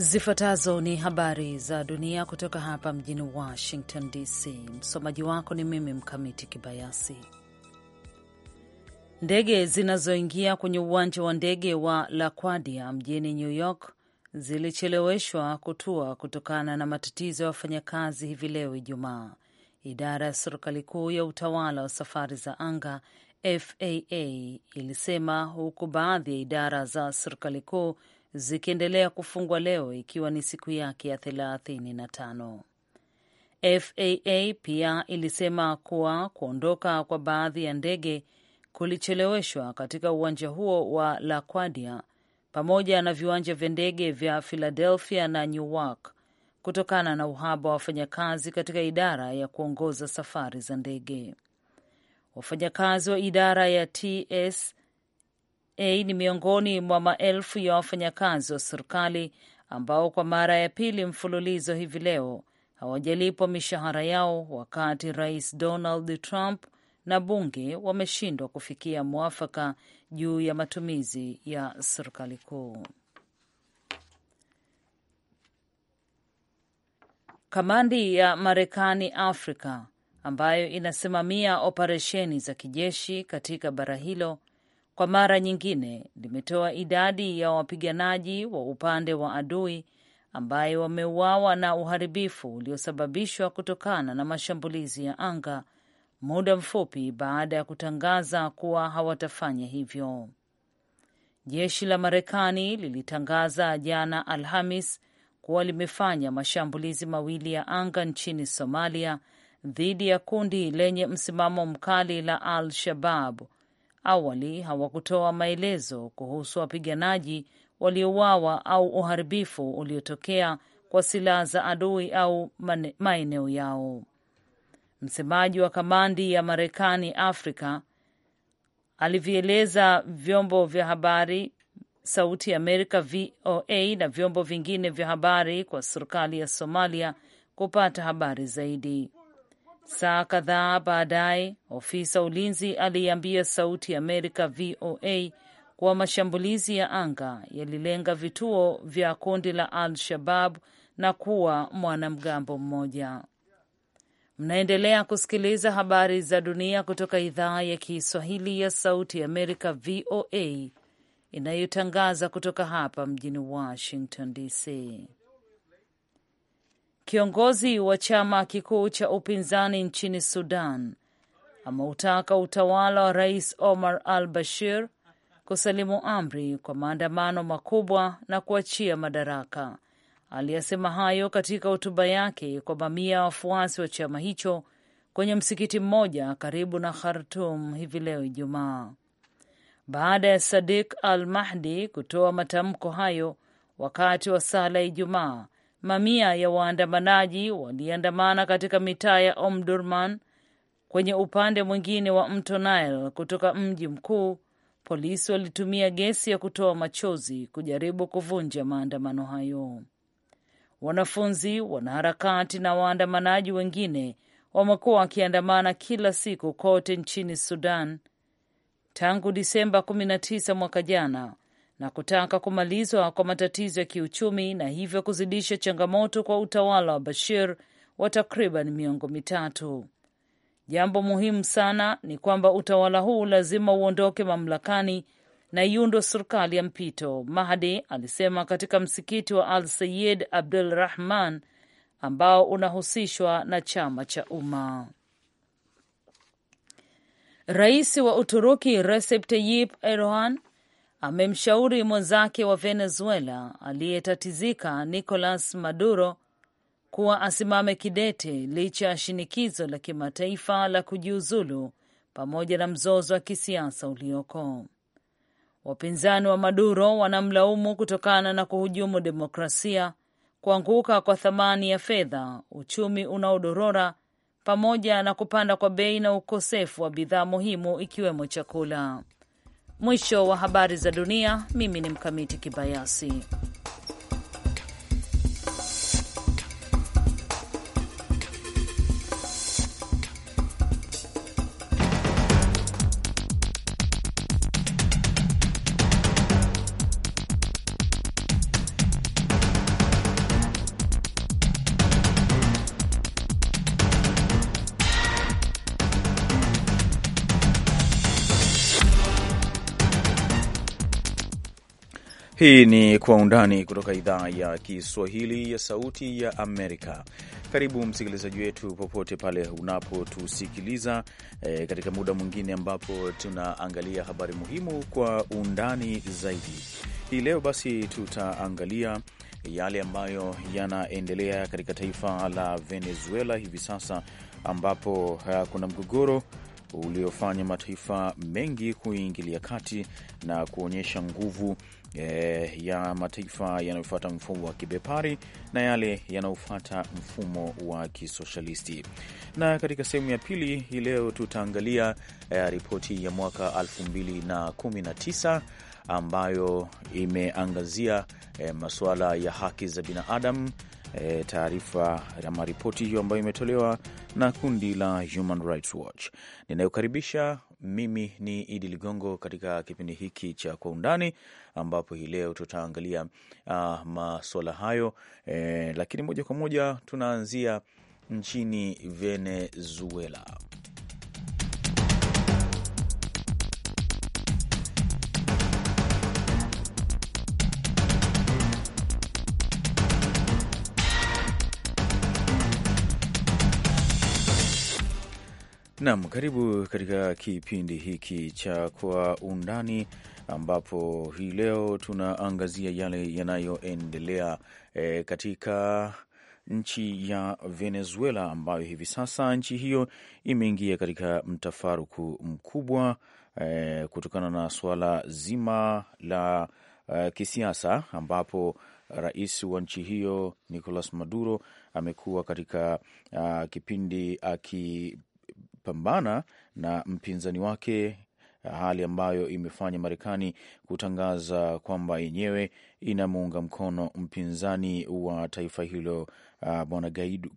Zifuatazo ni habari za dunia kutoka hapa mjini Washington DC. Msomaji wako ni mimi Mkamiti Kibayasi. Ndege zinazoingia kwenye uwanja wa ndege wa LaGuardia mjini New York zilicheleweshwa kutua kutokana na matatizo ya wafanyakazi hivi leo Ijumaa. Idara ya serikali kuu ya utawala wa safari za anga FAA ilisema, huku baadhi ya idara za serikali kuu zikiendelea kufungwa leo ikiwa ni siku yake ya thelathini na tano. FAA pia ilisema kuwa kuondoka kwa baadhi ya ndege kulicheleweshwa katika uwanja huo wa LaGuardia pamoja na viwanja vya ndege vya Philadelphia na Newark kutokana na uhaba wa wafanyakazi katika idara ya kuongoza safari za ndege. Wafanyakazi wa idara ya TS A ni miongoni mwa maelfu ya wafanyakazi wa serikali ambao kwa mara ya pili mfululizo hivi leo hawajalipwa mishahara yao wakati Rais Donald Trump na bunge wameshindwa kufikia mwafaka juu ya matumizi ya serikali kuu. Kamandi ya Marekani Afrika ambayo inasimamia operesheni za kijeshi katika bara hilo kwa mara nyingine limetoa idadi ya wapiganaji wa upande wa adui ambaye wameuawa na uharibifu uliosababishwa kutokana na mashambulizi ya anga, muda mfupi baada ya kutangaza kuwa hawatafanya hivyo. Jeshi la Marekani lilitangaza jana Alhamis kuwa limefanya mashambulizi mawili ya anga nchini Somalia dhidi ya kundi lenye msimamo mkali la Al Shabab awali hawakutoa maelezo kuhusu wapiganaji waliouawa au uharibifu uliotokea kwa silaha za adui au maeneo yao. Msemaji wa kamandi ya Marekani Afrika alivieleza vyombo vya habari Sauti ya Amerika VOA na vyombo vingine vya habari kwa serikali ya Somalia kupata habari zaidi. Saa kadhaa baadaye, ofisa ulinzi aliiambia Sauti ya Amerika VOA kuwa mashambulizi ya anga yalilenga vituo vya kundi la Al-Shabab na kuwa mwanamgambo mmoja. Mnaendelea kusikiliza habari za dunia kutoka idhaa ya Kiswahili ya Sauti ya Amerika VOA inayotangaza kutoka hapa mjini Washington DC. Kiongozi wa chama kikuu cha upinzani nchini Sudan ameutaka utawala wa Rais Omar al Bashir kusalimu amri kwa maandamano makubwa na kuachia madaraka. Aliyasema hayo katika hotuba yake kwa mamia ya wafuasi wa chama hicho kwenye msikiti mmoja karibu na Khartum hivi leo Ijumaa, baada ya Sadik al Mahdi kutoa matamko hayo wakati wa sala ya Ijumaa Mamia ya waandamanaji waliandamana katika mitaa ya Omdurman kwenye upande mwingine wa mto Nile kutoka mji mkuu. Polisi walitumia gesi ya kutoa machozi kujaribu kuvunja maandamano hayo. Wanafunzi, wanaharakati na waandamanaji wengine wamekuwa wakiandamana kila siku kote nchini Sudan tangu Disemba 19 mwaka jana, na kutaka kumalizwa kwa matatizo ya kiuchumi na hivyo kuzidisha changamoto kwa utawala wa Bashir wa takriban miongo mitatu. Jambo muhimu sana ni kwamba utawala huu lazima uondoke mamlakani na iundwe serikali ya mpito, Mahdi alisema katika msikiti wa Al Sayid Abdul Rahman ambao unahusishwa na chama cha Umma. Rais wa Uturuki Recep Tayyip Erdogan amemshauri mwenzake wa Venezuela aliyetatizika Nicolas Maduro kuwa asimame kidete licha ya shinikizo la kimataifa la kujiuzulu pamoja na mzozo wa kisiasa ulioko. Wapinzani wa Maduro wanamlaumu kutokana na kuhujumu demokrasia, kuanguka kwa thamani ya fedha, uchumi unaodorora pamoja na kupanda kwa bei na ukosefu wa bidhaa muhimu ikiwemo chakula. Mwisho wa habari za dunia. Mimi ni Mkamiti Kibayasi. Hii ni Kwa Undani kutoka idhaa ya Kiswahili ya Sauti ya Amerika. Karibu msikilizaji wetu popote pale unapotusikiliza e, katika muda mwingine ambapo tunaangalia habari muhimu kwa undani zaidi. Hii leo basi tutaangalia yale ambayo yanaendelea katika taifa la Venezuela hivi sasa ambapo e, kuna mgogoro uliofanya mataifa mengi kuingilia kati na kuonyesha nguvu eh, ya mataifa yanayofuata mfumo wa kibepari na yale yanayofuata mfumo wa kisoshalisti. Na katika sehemu ya pili hii leo tutaangalia eh, ripoti ya mwaka 2019 ambayo imeangazia eh, masuala ya haki za binadamu. E, taarifa ama ripoti hiyo ambayo imetolewa na kundi la Human Rights Watch. Ninayokaribisha mimi ni Idi Ligongo katika kipindi hiki cha Kwa Undani, ambapo hii leo tutaangalia uh, ah, masuala hayo eh, lakini moja kwa moja tunaanzia nchini Venezuela. Nam, karibu katika kipindi hiki cha Kwa Undani, ambapo hii leo tunaangazia yale yanayoendelea e, katika nchi ya Venezuela, ambayo hivi sasa nchi hiyo imeingia katika mtafaruku mkubwa e, kutokana na suala zima la e, kisiasa ambapo rais wa nchi hiyo Nicolas Maduro amekuwa katika uh, kipindi aki kupambana na mpinzani wake, hali ambayo imefanya Marekani kutangaza kwamba yenyewe inamuunga mkono mpinzani wa taifa hilo uh, bwana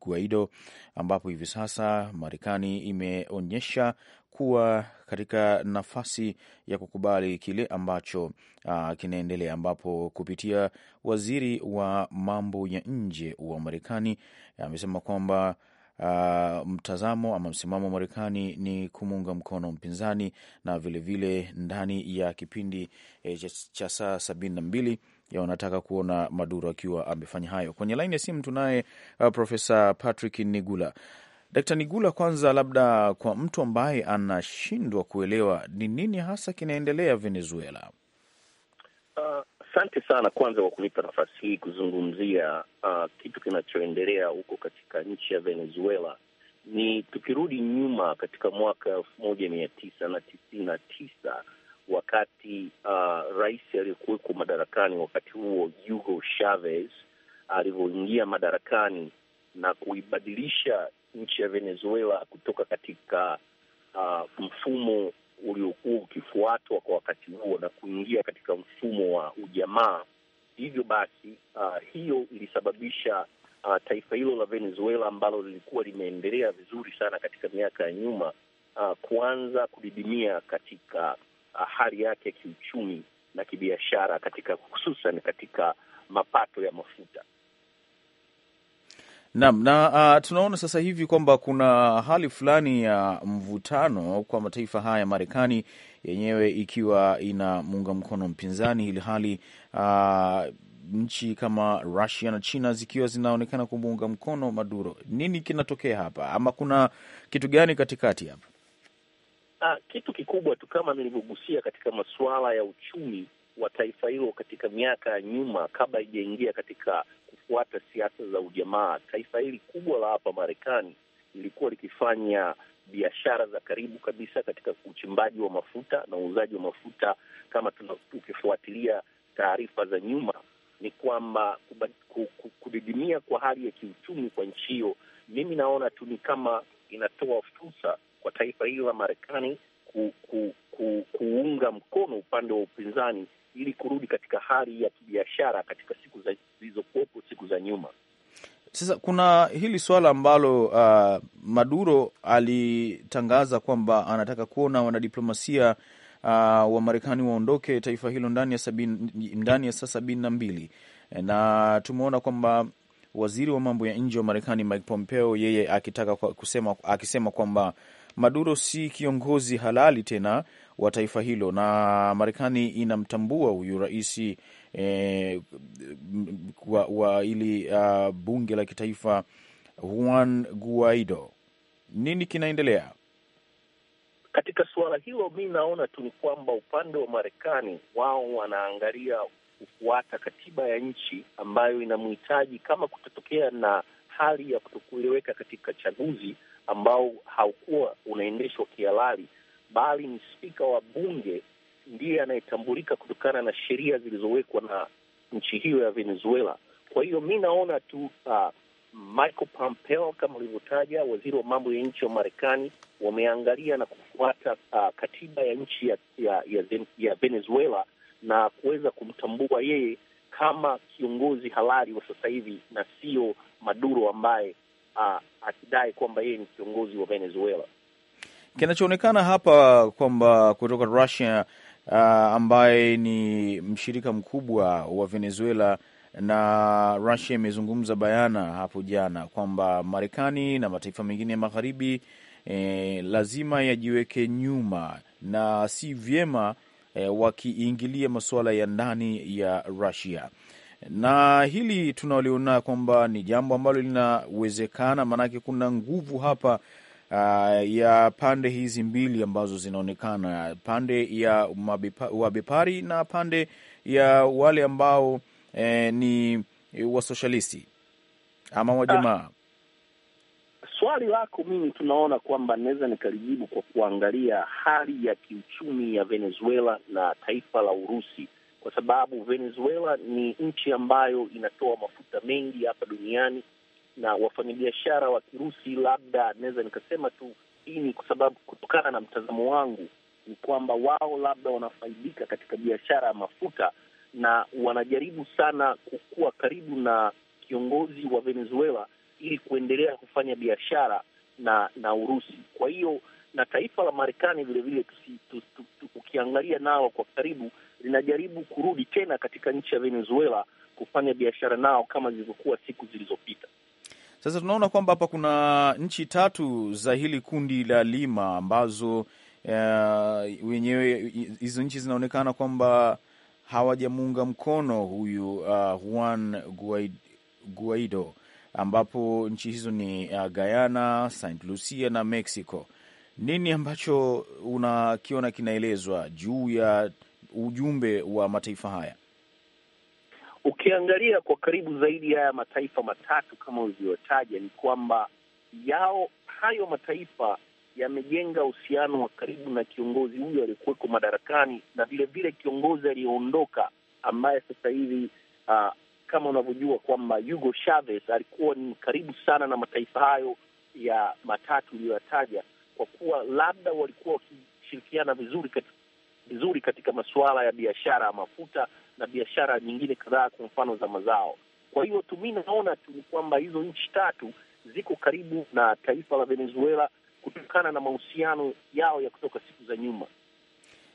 Guaido, ambapo hivi sasa Marekani imeonyesha kuwa katika nafasi ya kukubali kile ambacho uh, kinaendelea, ambapo kupitia waziri wa mambo ya nje wa Marekani amesema kwamba uh, mtazamo ama msimamo wa Marekani ni kumuunga mkono mpinzani, na vilevile vile ndani ya kipindi eh, cha saa sabini na mbili ya wanataka kuona Maduro akiwa amefanya hayo. Kwenye laini ya simu tunaye uh, Profesa Patrick Nigula. Dkt Nigula, kwanza labda kwa mtu ambaye anashindwa kuelewa ni nini hasa kinaendelea Venezuela, uh, Asante sana kwanza kwa kunipa nafasi hii kuzungumzia uh, kitu kinachoendelea huko katika nchi ya Venezuela. Ni tukirudi nyuma katika mwaka elfu moja mia tisa na tisini na tisa wakati uh, rais aliyekuwekwa madarakani wakati huo Hugo Chavez alivyoingia madarakani na kuibadilisha nchi ya Venezuela kutoka katika uh, mfumo uliokuwa ukifuatwa kwa wakati huo na kuingia katika mfumo wa ujamaa. Hivyo basi, uh, hiyo ilisababisha uh, taifa hilo la Venezuela ambalo lilikuwa limeendelea vizuri sana katika miaka ya nyuma uh, kuanza kudidimia katika uh, hali yake ya kiuchumi na kibiashara, katika hususan katika mapato ya mafuta. Naam, na uh, tunaona sasa hivi kwamba kuna hali fulani ya mvutano kwa mataifa haya, ya Marekani yenyewe ikiwa ina muunga mkono mpinzani, ili hali uh, nchi kama Russia na China zikiwa zinaonekana kumuunga mkono Maduro. Nini kinatokea hapa, ama kuna kitu gani katikati hapa? Ah, kitu kikubwa tu kama nilivyogusia katika masuala ya uchumi wa taifa hilo katika miaka ya nyuma, kabla haijaingia katika kufuata siasa za ujamaa, taifa hili kubwa la hapa Marekani lilikuwa likifanya biashara za karibu kabisa katika uchimbaji wa mafuta na uuzaji wa mafuta. Kama tukifuatilia taarifa za nyuma, ni kwamba kudidimia kwa hali ya kiuchumi kwa nchi hiyo, mimi naona tu ni kama inatoa fursa kwa taifa hilo la Marekani ku, ku, ku, kuunga mkono upande wa upinzani ili kurudi katika hali ya kibiashara katika siku zilizokuwepo siku za nyuma. Sasa kuna hili swala ambalo uh, Maduro alitangaza kwamba anataka kuona wanadiplomasia uh, wa Marekani waondoke taifa hilo ndani ya sabini, ndani ya saa sabini na mbili na tumeona kwamba waziri wa mambo ya nje wa Marekani Mike Pompeo yeye akitaka kusema, akisema kwamba Maduro si kiongozi halali tena wa taifa hilo, na Marekani inamtambua huyu rais eh, wa, wa ili uh, bunge la kitaifa Juan Guaido. Nini kinaendelea katika suala hilo? Mi naona tu ni kwamba upande wa Marekani wao wanaangalia kufuata katiba ya nchi ambayo inamhitaji kama kutatokea na hali ya kutokueleweka katika chaguzi ambao haukuwa unaendeshwa kihalali bali ni spika wa bunge ndiye anayetambulika kutokana na sheria zilizowekwa na nchi hiyo ya Venezuela. Kwa hiyo mi naona tu uh, Michael Pompeo kama ulivyotaja, waziri wa mambo ya nchi wa Marekani, wameangalia na kufuata uh, katiba ya nchi ya, ya, ya, ya Venezuela na kuweza kumtambua yeye kama kiongozi halali wa sasa hivi na sio Maduro ambaye uh, akidai kwamba yeye ni kiongozi wa Venezuela. Kinachoonekana hapa kwamba kutoka Russia uh, ambaye ni mshirika mkubwa wa Venezuela na Russia imezungumza bayana hapo jana kwamba Marekani na mataifa mengine ya magharibi eh, lazima yajiweke nyuma na si vyema eh, wakiingilia masuala ya ndani ya Russia na hili tunaliona kwamba ni jambo ambalo linawezekana, maanake kuna nguvu hapa uh, ya pande hizi mbili ambazo zinaonekana, pande ya wabepari na pande ya wale ambao eh, ni wasoshalisti ama wajamaa. Ah, swali lako mimi tunaona kwamba naweza nikalijibu kwa kuangalia hali ya kiuchumi ya Venezuela na taifa la Urusi, kwa sababu Venezuela ni nchi ambayo inatoa mafuta mengi hapa duniani na wafanyabiashara wa Kirusi, labda naweza nikasema tu hii ni kwa sababu, kutokana na mtazamo wangu, ni kwamba wao labda wanafaidika katika biashara ya mafuta na wanajaribu sana kukuwa karibu na kiongozi wa Venezuela ili kuendelea kufanya biashara na na Urusi. Kwa hiyo na taifa la Marekani vilevile, ukiangalia nao kwa karibu, linajaribu kurudi tena katika nchi ya Venezuela kufanya biashara nao kama zilivyokuwa siku zilizopita. Sasa tunaona kwamba hapa kuna nchi tatu za hili kundi la Lima ambazo uh, wenyewe hizo nchi zinaonekana kwamba hawajamuunga mkono huyu uh, Juan Guaido, ambapo nchi hizo ni uh, Guyana, Saint Lucia na Mexico. Nini ambacho unakiona kinaelezwa juu ya ujumbe wa mataifa haya? Ukiangalia kwa karibu zaidi haya mataifa matatu kama ulivyotaja, ni kwamba yao hayo mataifa yamejenga uhusiano wa karibu na kiongozi huyo aliyekuweko madarakani na vilevile kiongozi aliyeondoka ambaye sasa hivi uh, kama unavyojua kwamba Hugo Chavez alikuwa ni karibu sana na mataifa hayo ya matatu iliyoyataja, kwa kuwa labda walikuwa wakishirikiana vizuri katika, vizuri katika masuala ya biashara ya mafuta na biashara nyingine kadhaa, kwa mfano za mazao. Kwa hiyo tu mi naona tu ni kwamba hizo nchi tatu ziko karibu na taifa la Venezuela kutokana na mahusiano yao ya kutoka siku za nyuma.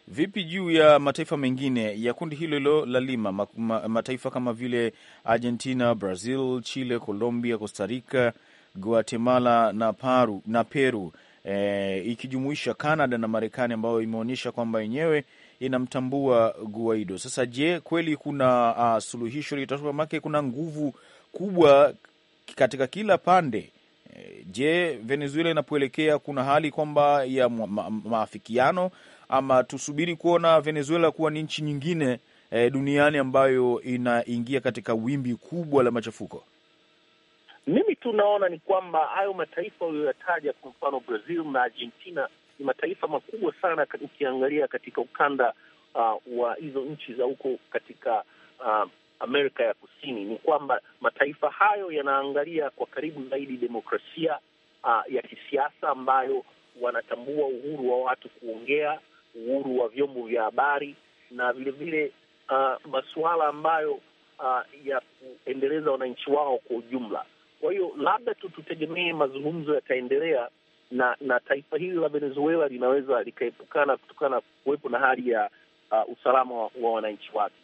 Vipi juu ya mataifa mengine ya kundi hilo hilo la Lima, ma, ma, mataifa kama vile Argentina, Brazil, Chile, Colombia, Costa Rica, Guatemala na Paru, na Peru eh, ikijumuisha Canada na Marekani ambayo imeonyesha kwamba yenyewe inamtambua Guaido. Sasa je, kweli kuna uh, suluhisho litatoka? Make kuna nguvu kubwa katika kila pande. Eh, je, Venezuela inapoelekea kuna hali kwamba ya ma maafikiano ama tusubiri kuona Venezuela kuwa ni nchi nyingine eh, duniani ambayo inaingia katika wimbi kubwa la machafuko? Mimi tunaona ni kwamba hayo mataifa uliyoyataja, kwa mfano Brazil na Argentina ni mataifa makubwa sana ukiangalia katika ukanda uh, wa hizo nchi za huko katika uh, Amerika ya Kusini. Ni kwamba mataifa hayo yanaangalia kwa karibu zaidi demokrasia uh, ya kisiasa ambayo wanatambua uhuru wa watu kuongea, uhuru wa vyombo vya habari na vilevile uh, masuala ambayo uh, ya kuendeleza wananchi wao kwa ujumla. Kwa hiyo labda tu tutegemee mazungumzo yataendelea na na taifa hili la Venezuela linaweza likaepukana kutokana na kuwepo na hali ya uh, usalama wa, wananchi wake.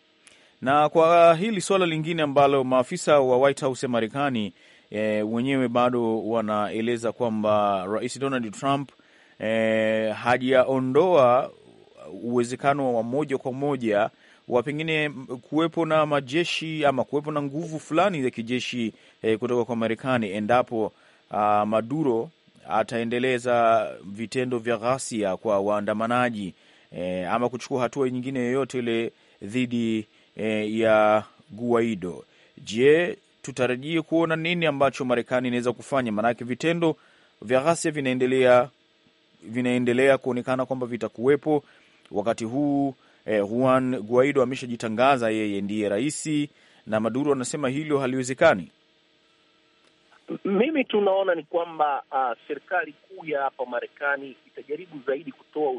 Na kwa hili suala lingine ambalo maafisa wa White House ya Marekani e, wenyewe bado wanaeleza kwamba Rais Donald Trump e, hajaondoa uwezekano wa moja kwa moja wa pengine kuwepo na majeshi ama kuwepo na nguvu fulani za kijeshi e, kutoka kwa Marekani endapo a, ah, Maduro ataendeleza vitendo vya ghasia kwa waandamanaji e, ama kuchukua hatua nyingine yoyote ile dhidi e, ya Guaido. Je, tutarajie kuona nini ambacho Marekani inaweza kufanya? Maanake vitendo vya ghasia vinaendelea vinaendelea kuonekana kwamba vitakuwepo wakati huu. Eh, Juan Guaido ameshajitangaza yeye ndiye raisi, na Maduro anasema hilo haliwezekani. Mimi tunaona ni kwamba uh, serikali kuu ya hapa Marekani itajaribu zaidi kutoa uh,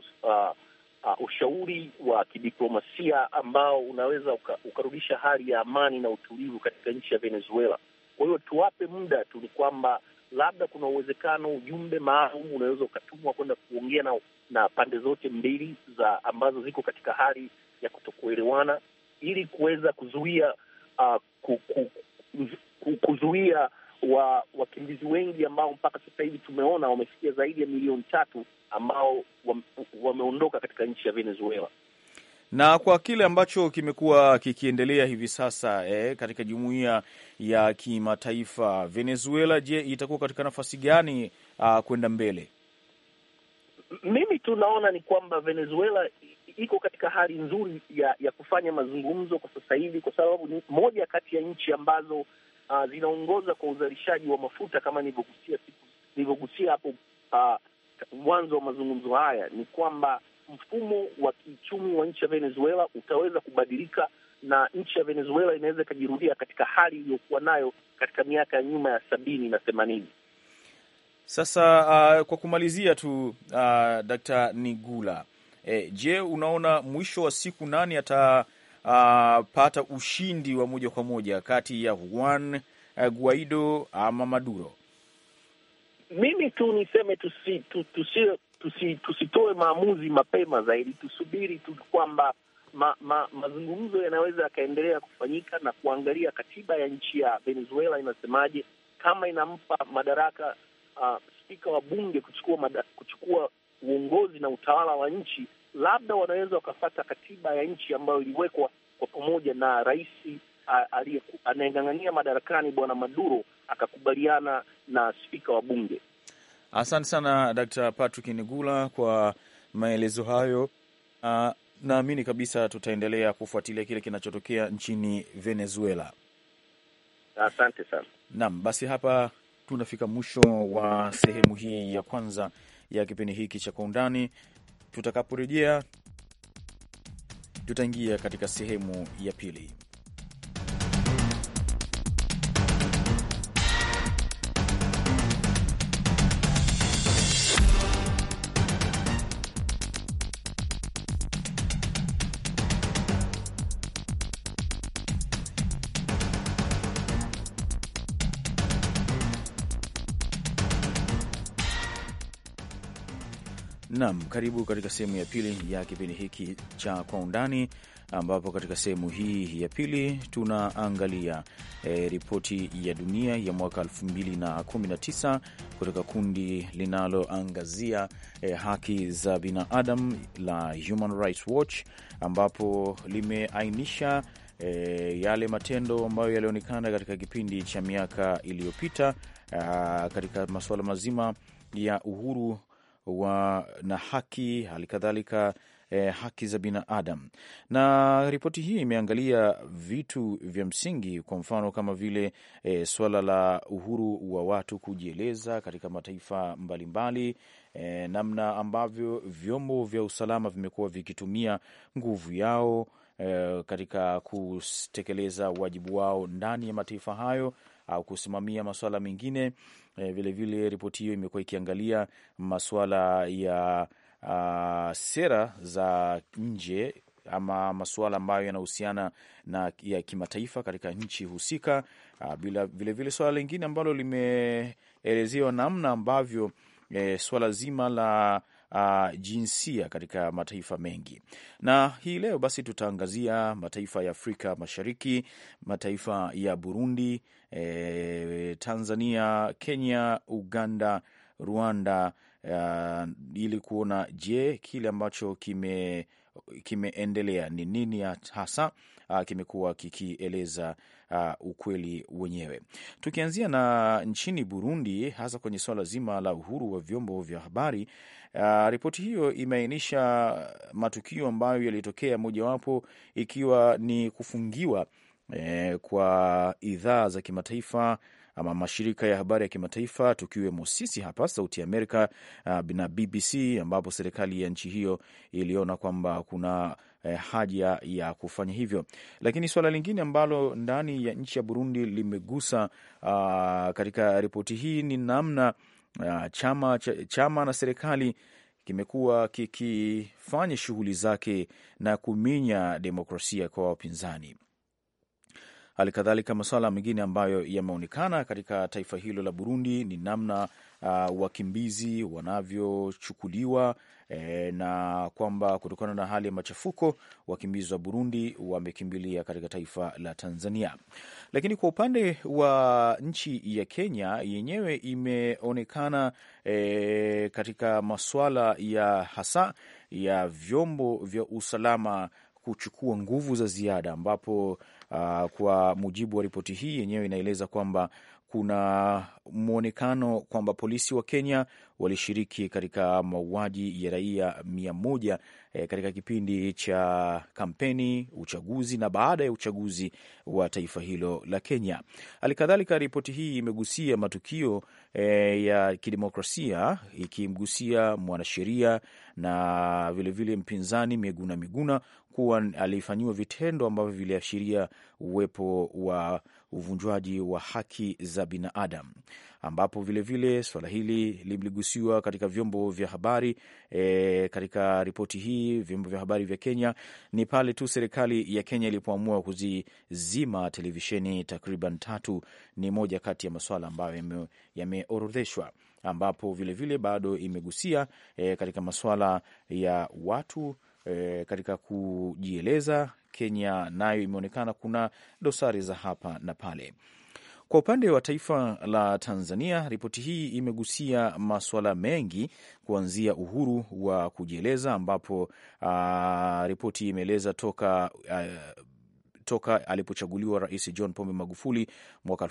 uh, ushauri wa kidiplomasia ambao unaweza uka, ukarudisha hali ya amani na utulivu katika nchi ya Venezuela. Kwa hiyo tuwape muda tu, ni kwamba labda kuna uwezekano ujumbe maalum unaweza ukatumwa kwenda kuongea na, na pande zote mbili za ambazo ziko katika hali ya kutokuelewana ili kuweza kuzuia uh, ku, kuku, kuku, wa wakimbizi wengi ambao mpaka sasa hivi tumeona wamefikia zaidi ya milioni tatu ambao wameondoka katika nchi ya Venezuela na kwa kile ambacho kimekuwa kikiendelea hivi sasa eh, katika jumuiya ya kimataifa Venezuela, je, itakuwa katika nafasi gani uh, kwenda mbele? Mimi tunaona ni kwamba Venezuela iko katika hali nzuri ya, ya kufanya mazungumzo kwa sasa hivi, kwa sababu ni moja kati ya nchi ambazo uh, zinaongoza kwa uzalishaji wa mafuta kama nilivyogusia nilivyogusia hapo ah, mwanzo uh, wa mazungumzo haya, ni kwamba mfumo wa kiuchumi wa nchi ya Venezuela utaweza kubadilika na nchi ya Venezuela inaweza ikajirudia katika hali iliyokuwa nayo katika miaka ya nyuma ya sabini na themanini. Sasa uh, kwa kumalizia tu uh, Dkt. Nigula, eh, je, unaona mwisho wa siku nani ata pata ushindi wa moja kwa moja kati ya Juan eh, Guaido ama Maduro? Mimi tu niseme tusi, tu, tusi, tusi, tusitoe maamuzi mapema zaidi, tusubiri tu kwamba ma, ma, mazungumzo yanaweza yakaendelea kufanyika na kuangalia katiba ya nchi ya Venezuela inasemaje, kama inampa madaraka uh, spika wa bunge kuchukua mada, kuchukua uongozi na utawala wa nchi labda wanaweza wakafata katiba ya nchi ambayo iliwekwa kwa pamoja na rais anayeng'ang'ania madarakani Bwana Maduro akakubaliana na spika wa bunge. Asante sana Dr. Patrick Nigula kwa maelezo hayo. Uh, naamini kabisa tutaendelea kufuatilia kile kinachotokea nchini Venezuela. Asante sana. Naam, basi hapa tunafika mwisho wa sehemu hii ya kwanza ya kipindi hiki cha Kwa Undani. Tutakaporejea tutaingia katika sehemu ya pili. Naam, karibu katika sehemu ya pili ya kipindi hiki cha Kwa Undani, ambapo katika sehemu hii ya pili tunaangalia e, ripoti ya dunia ya mwaka 2019 kutoka kundi linaloangazia e, haki za binadamu la Human Rights Watch, ambapo limeainisha e, yale matendo ambayo yalionekana katika kipindi cha miaka iliyopita katika masuala mazima ya uhuru wa na haki, hali kadhalika E, haki za binadamu. Na ripoti hii imeangalia vitu vya msingi, kwa mfano kama vile e, swala la uhuru wa watu kujieleza katika mataifa mbalimbali mbali, eh, namna ambavyo vyombo vya usalama vimekuwa vikitumia nguvu yao e, katika kutekeleza wajibu wao ndani ya mataifa hayo au kusimamia masuala mengine Vilevile eh, ripoti hiyo imekuwa ikiangalia masuala ya uh, sera za nje ama masuala ambayo yanahusiana na ya kimataifa katika nchi husika. Ah, bila vilevile suala lingine ambalo limeelezewa namna ambavyo e, eh, suala zima la Uh, jinsia katika mataifa mengi. Na hii leo basi tutaangazia mataifa ya Afrika Mashariki, mataifa ya Burundi e, Tanzania, Kenya, Uganda, Rwanda uh, ili kuona je, kile ambacho kime kimeendelea ni nini hasa kimekuwa kikieleza uh, ukweli wenyewe. Tukianzia na nchini Burundi, hasa kwenye swala zima la uhuru wa vyombo vya habari uh, ripoti hiyo imeainisha matukio ambayo yalitokea, mojawapo ikiwa ni kufungiwa e, kwa idhaa za kimataifa ama mashirika ya habari ya kimataifa tukiwemo sisi hapa Sauti ya Amerika na BBC, ambapo serikali ya nchi hiyo iliona kwamba kuna eh, haja ya kufanya hivyo. Lakini suala lingine ambalo ndani ya nchi ya Burundi limegusa uh, katika ripoti hii ni namna uh, chama, ch chama na serikali kimekuwa kikifanya shughuli zake na kuminya demokrasia kwa wapinzani halikadhalika masuala mengine ambayo yameonekana katika taifa hilo la Burundi ni namna uh, wakimbizi wanavyochukuliwa e, na kwamba kutokana na hali ya machafuko wakimbizi wa Burundi wamekimbilia katika taifa la Tanzania. Lakini kwa upande wa nchi ya Kenya yenyewe imeonekana e, katika masuala ya hasa ya vyombo vya usalama kuchukua nguvu za ziada ambapo uh, kwa mujibu wa ripoti hii yenyewe inaeleza kwamba kuna mwonekano kwamba polisi wa Kenya walishiriki katika mauaji ya raia mia moja e, katika kipindi cha kampeni, uchaguzi na baada ya uchaguzi wa taifa hilo la Kenya. Halikadhalika, ripoti hii imegusia matukio e, ya kidemokrasia ikimgusia mwanasheria na vilevile vile mpinzani Miguna Miguna kuwa alifanyiwa vitendo ambavyo viliashiria uwepo wa uvunjwaji wa haki za binadamu, ambapo vilevile suala hili liligusiwa katika vyombo vya habari e, katika ripoti hii vyombo vya habari vya Kenya ni pale tu serikali ya Kenya ilipoamua kuzizima televisheni takriban tatu. Ni moja kati ya masuala ambayo yameorodheshwa ambapo vilevile vile bado imegusia e, katika masuala ya watu e, katika kujieleza. Kenya nayo imeonekana kuna dosari za hapa na pale. Kwa upande wa taifa la Tanzania, ripoti hii imegusia masuala mengi kuanzia uhuru wa kujieleza ambapo ah, ripoti imeeleza toka a, ah, toka alipochaguliwa Rais John Pombe Magufuli mwaka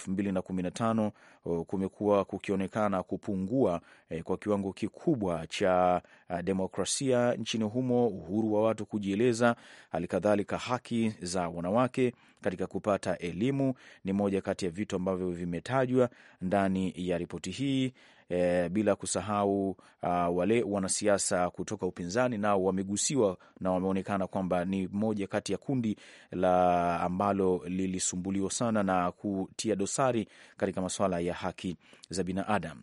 tano uh, kumekuwa kukionekana kupungua eh, kwa kiwango kikubwa cha uh, demokrasia nchini humo, uhuru wa watu kujieleza, halikadhalika haki za wanawake katika kupata elimu ni moja kati ya vitu ambavyo vimetajwa ndani ya ripoti hii e, bila kusahau a, wale wanasiasa kutoka upinzani nao wamegusiwa na wameonekana kwamba ni moja kati ya kundi la ambalo lilisumbuliwa sana na kutia dosari katika masuala ya haki za binadamu.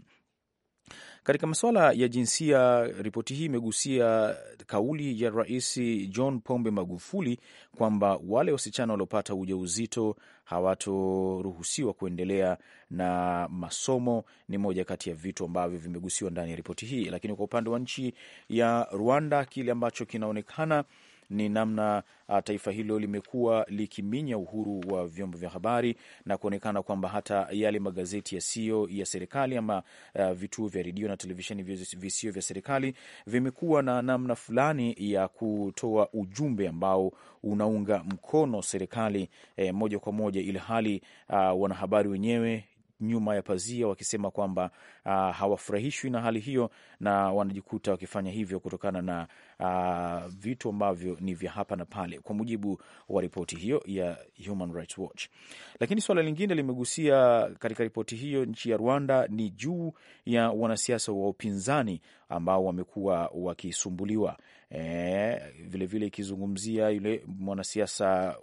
Katika masuala ya jinsia, ripoti hii imegusia kauli ya Rais John Pombe Magufuli kwamba wale wasichana waliopata ujauzito hawatoruhusiwa kuendelea na masomo. Ni moja kati ya vitu ambavyo vimegusiwa ndani ya ripoti hii. Lakini kwa upande wa nchi ya Rwanda, kile ambacho kinaonekana ni namna uh, taifa hilo limekuwa likiminya uhuru wa vyombo vya habari na kuonekana kwamba hata yale magazeti yasiyo ya serikali ama uh, vituo vya redio na televisheni visio vya serikali vimekuwa na namna fulani ya kutoa ujumbe ambao unaunga mkono serikali eh, moja kwa moja, ili hali uh, wanahabari wenyewe nyuma ya pazia wakisema kwamba uh, hawafurahishwi na hali hiyo, na wanajikuta wakifanya hivyo kutokana na uh, vitu ambavyo ni vya hapa na pale, kwa mujibu wa ripoti hiyo ya Human Rights Watch. Lakini suala lingine limegusia katika ripoti hiyo nchi ya Rwanda ni juu ya wanasiasa wa upinzani ambao wamekuwa wakisumbuliwa, vilevile eh, ikizungumzia vile yule mwanasiasa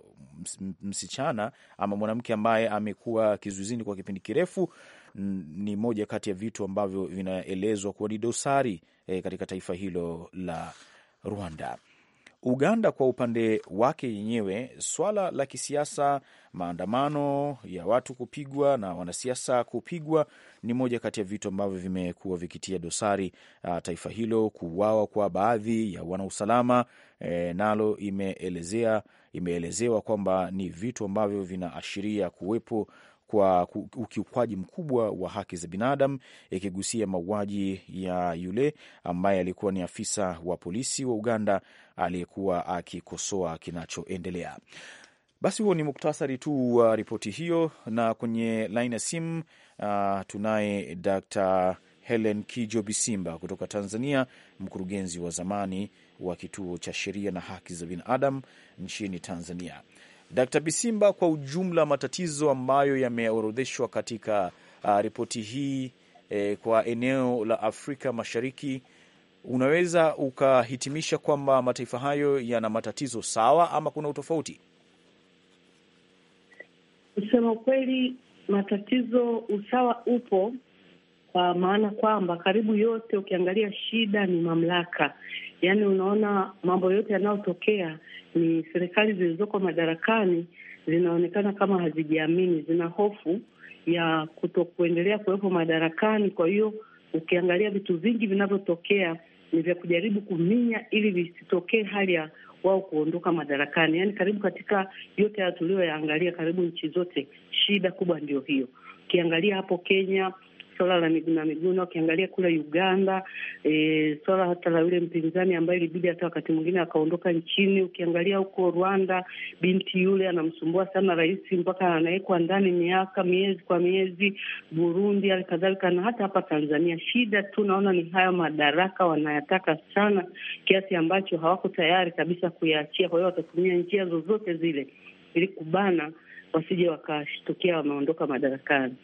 msichana ama mwanamke ambaye amekuwa kizuizini kwa kipindi kirefu ni moja kati ya vitu ambavyo vinaelezwa kuwa ni dosari e, katika taifa hilo la Rwanda. Uganda kwa upande wake yenyewe, swala la kisiasa, maandamano ya watu kupigwa na wanasiasa kupigwa ni moja kati ya vitu ambavyo vimekuwa vikitia dosari a, taifa hilo. Kuuawa kwa baadhi ya wanausalama e, nalo imeelezea imeelezewa kwamba ni vitu ambavyo vinaashiria kuwepo kwa ukiukwaji mkubwa wa haki za binadamu ikigusia mauaji ya yule ambaye alikuwa ni afisa wa polisi wa Uganda aliyekuwa akikosoa kinachoendelea. Basi huo ni muktasari tu wa ripoti hiyo, na kwenye laini ya simu uh, tunaye Dr. Helen Kijo Bisimba kutoka Tanzania, mkurugenzi wa zamani wa kituo cha sheria na haki za binadamu nchini Tanzania. Dkt. Bisimba, kwa ujumla matatizo ambayo yameorodheshwa katika uh, ripoti hii eh, kwa eneo la Afrika Mashariki, unaweza ukahitimisha kwamba mataifa hayo yana matatizo sawa ama kuna utofauti? Kusema kweli, matatizo usawa upo, kwa maana kwamba karibu yote ukiangalia, shida ni mamlaka Yaani unaona mambo yote yanayotokea ni serikali zilizoko madarakani zinaonekana kama hazijiamini, zina hofu ya kuto kuendelea kuwepo madarakani. Kwa hiyo ukiangalia vitu vingi vinavyotokea ni vya kujaribu kuminya ili visitokee hali ya wao kuondoka madarakani. Yaani karibu katika yote haya tuliyoyaangalia, karibu nchi zote shida kubwa ndio hiyo. Ukiangalia hapo Kenya swala la Miguna Miguna, ukiangalia kule Uganda e, swala hata la yule mpinzani ambaye ilibidi hata wakati mwingine akaondoka nchini. Ukiangalia huko Rwanda, binti yule anamsumbua sana rais mpaka anawekwa ndani miaka miezi kwa miezi. Burundi alikadhalika na hata hapa Tanzania shida tu naona ni haya madaraka wanayataka sana kiasi ambacho hawako tayari kabisa kuyaachia. Kwa hiyo watatumia njia zozote zile ili kubana wasije wakashtukia wameondoka madarakani.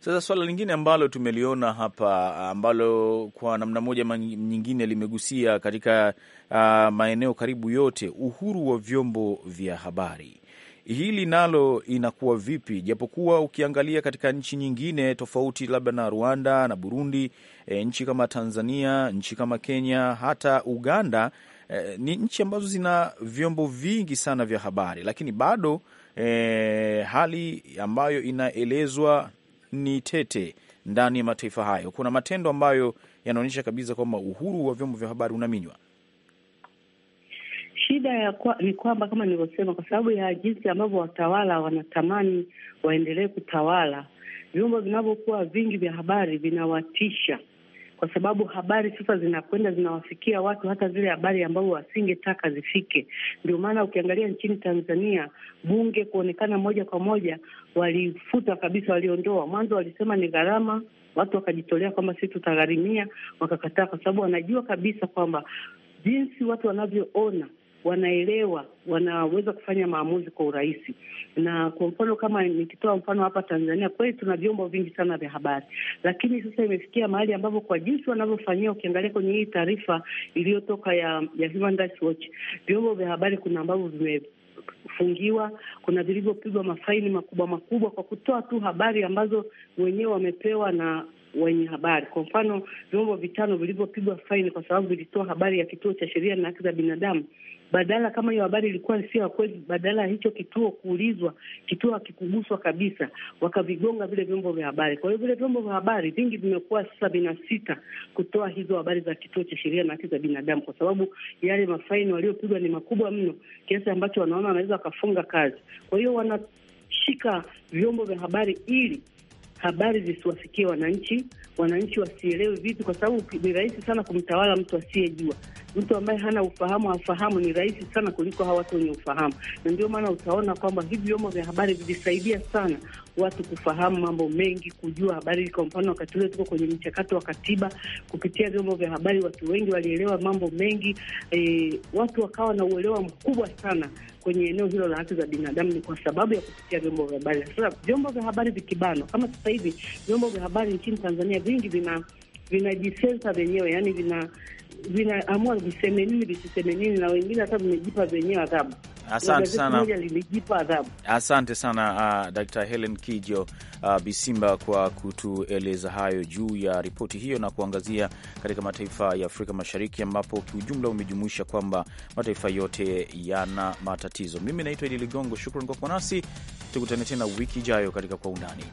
Sasa swala lingine ambalo tumeliona hapa ambalo kwa namna moja nyingine limegusia katika uh, maeneo karibu yote, uhuru wa vyombo vya habari hili nalo inakuwa vipi? Japokuwa ukiangalia katika nchi nyingine tofauti labda na Rwanda na Burundi, e, nchi kama Tanzania, nchi kama Kenya, hata Uganda, e, ni nchi ambazo zina vyombo vingi sana vya habari, lakini bado e, hali ambayo inaelezwa ni tete ndani ya mataifa hayo. Kuna matendo ambayo yanaonyesha kabisa kwamba uhuru wa vyombo vya habari unaminywa. Shida ya kwa, ni kwamba kama nilivyosema, kwa sababu ya jinsi ambavyo watawala wanatamani waendelee kutawala, vyombo vinavyokuwa vingi vya habari vinawatisha kwa sababu habari sasa zinakwenda zinawafikia watu, hata zile habari ambazo wasingetaka zifike. Ndio maana ukiangalia nchini Tanzania bunge kuonekana moja kwa moja, walifuta kabisa, waliondoa. Mwanzo walisema ni gharama watu wakajitolea kwamba sisi tutagharimia, wakakataa, kwa sababu wanajua kabisa kwamba jinsi watu wanavyoona wanaelewa, wanaweza kufanya maamuzi kwa urahisi. Na kwa mfano kama nikitoa mfano hapa Tanzania, kweli tuna vyombo vingi sana vya habari, lakini sasa imefikia mahali ambapo kwa jinsi wanavyofanyia, ukiangalia kwenye hii taarifa iliyotoka ya, ya Human Rights Watch, vyombo vya habari kuna ambavyo vime fungiwa kuna vilivyopigwa mafaini makubwa makubwa kwa kutoa tu habari ambazo wenyewe wamepewa na wenye habari. Kwa mfano, vyombo vitano vilivyopigwa faini kwa sababu vilitoa habari ya Kituo cha Sheria na Haki za Binadamu badala kama hiyo habari ilikuwa sio ya kweli, badala ya hicho kituo kuulizwa, kituo hakikuguswa kabisa, wakavigonga vile vyombo vya habari. Kwa hiyo vile vyombo vya habari vingi vimekuwa sasa vinasita kutoa hizo habari za kituo cha sheria na haki za binadamu, kwa sababu yale mafaini waliopigwa ni makubwa mno, kiasi ambacho wanaona wanaweza wakafunga kazi. Kwa hiyo wanashika vyombo vya habari ili habari zisiwafikie wananchi, wananchi wasielewe vitu, kwa sababu ni rahisi sana kumtawala mtu asiyejua. Mtu ambaye hana ufahamu, hafahamu, ni rahisi sana kuliko hawa watu wenye ufahamu, na ndio maana utaona kwamba hivi vyombo vya habari vilisaidia sana watu kufahamu mambo mengi, kujua habari. Kwa mfano, wakati ule tuko kwenye mchakato wa katiba, kupitia vyombo vya habari watu wengi walielewa mambo mengi. E, watu wakawa na uelewa mkubwa sana kwenye eneo hilo la haki za binadamu ni kwa sababu ya kupitia vyombo vya habari. Sasa vyombo vya habari vikibanwa, kama sasa hivi vyombo vya habari nchini Tanzania vingi vina vinajisensa vyenyewe, yani vina viseme nini visiseme nini, na wengine hata vimejipa vyenyewe adhabu. Asante sana, asante sana uh, Dr. Helen Kijo uh, Bisimba kwa kutueleza hayo juu ya ripoti hiyo na kuangazia katika mataifa ya Afrika Mashariki ambapo kiujumla umejumuisha kwamba mataifa yote yana matatizo. Mimi naitwa Idi Ligongo, shukran kwa kuwa nasi, tukutane tena wiki ijayo katika kwa undani.